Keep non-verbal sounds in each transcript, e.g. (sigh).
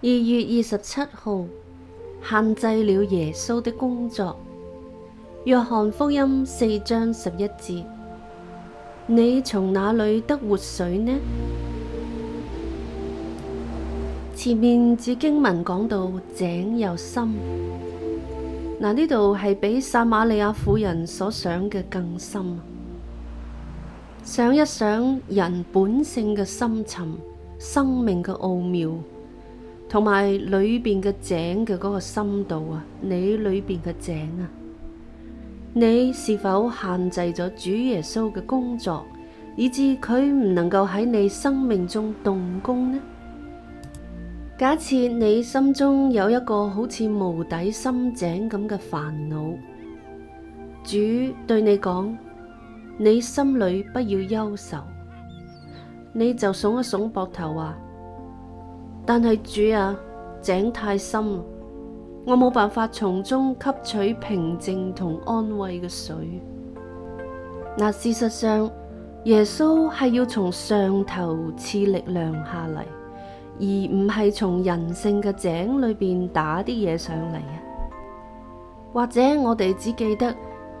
二月二十七號，限制了耶穌的工作。約翰福音四章十一節：你從哪裏得活水呢？前面指經文講到井又深，嗱呢度係比撒瑪利亞婦人所想嘅更深。想一想人本性嘅深沉，生命嘅奧妙。同埋裏面嘅井嘅嗰個深度啊，你裏面嘅井啊，你是否限制咗主耶穌嘅工作，以致佢唔能夠喺你生命中動工呢？假設你心中有一個好似無底深井咁嘅煩惱，主對你講：你心裏不要憂愁，你就聳一聳膊頭啊。但係主啊，井太深啦，我冇辦法從中吸取平靜同安慰嘅水。嗱，事實上耶穌係要從上頭賜力量下嚟，而唔係從人性嘅井裏面打啲嘢上嚟。或者我哋只記得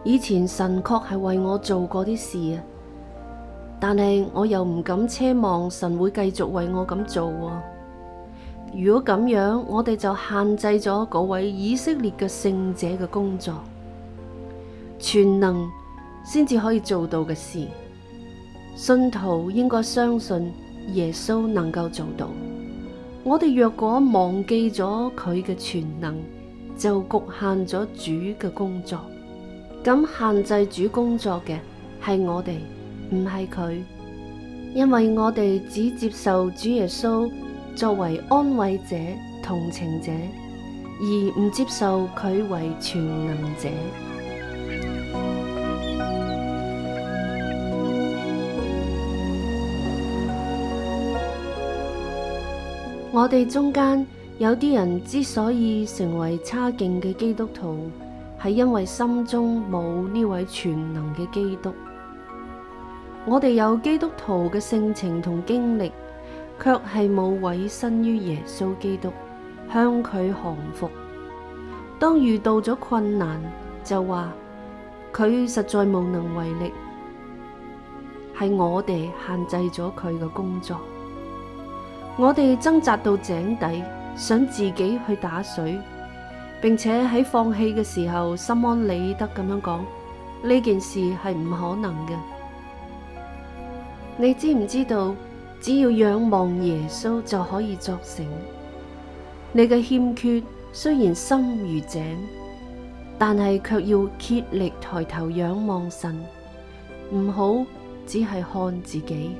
以前神確係為我做過啲事，但係我又唔敢奢望神會繼續為我咁做喎。如果咁樣，我哋就限制咗嗰位以色列嘅聖者嘅工作，全能先至可以做到嘅事。信徒應該相信耶穌能夠做到。我哋若果忘記咗佢嘅全能，就局限咗主嘅工作。咁限制主工作嘅係我哋，唔係佢，因為我哋只接受主耶穌，作為安慰者、同情者，而唔接受佢為全能者。 (music) 我哋中間有啲人之所以成為差勁嘅基督徒，係因為心中冇呢位全能嘅基督。我哋有基督徒嘅性情同經歷。卻係冇委身於耶穌基督，向佢降服。當遇到咗困難，就話佢實在無能為力，係我哋限制咗佢嘅工作。我哋掙扎到井底，想自己去打水，並且喺放棄嘅時候，心安理得咁樣講，呢件事係唔可能嘅。你知唔知道？只要仰望耶穌就可以作成。你嘅欠缺雖然深如井，但係卻要竭力抬頭仰望神，唔好只係看自己。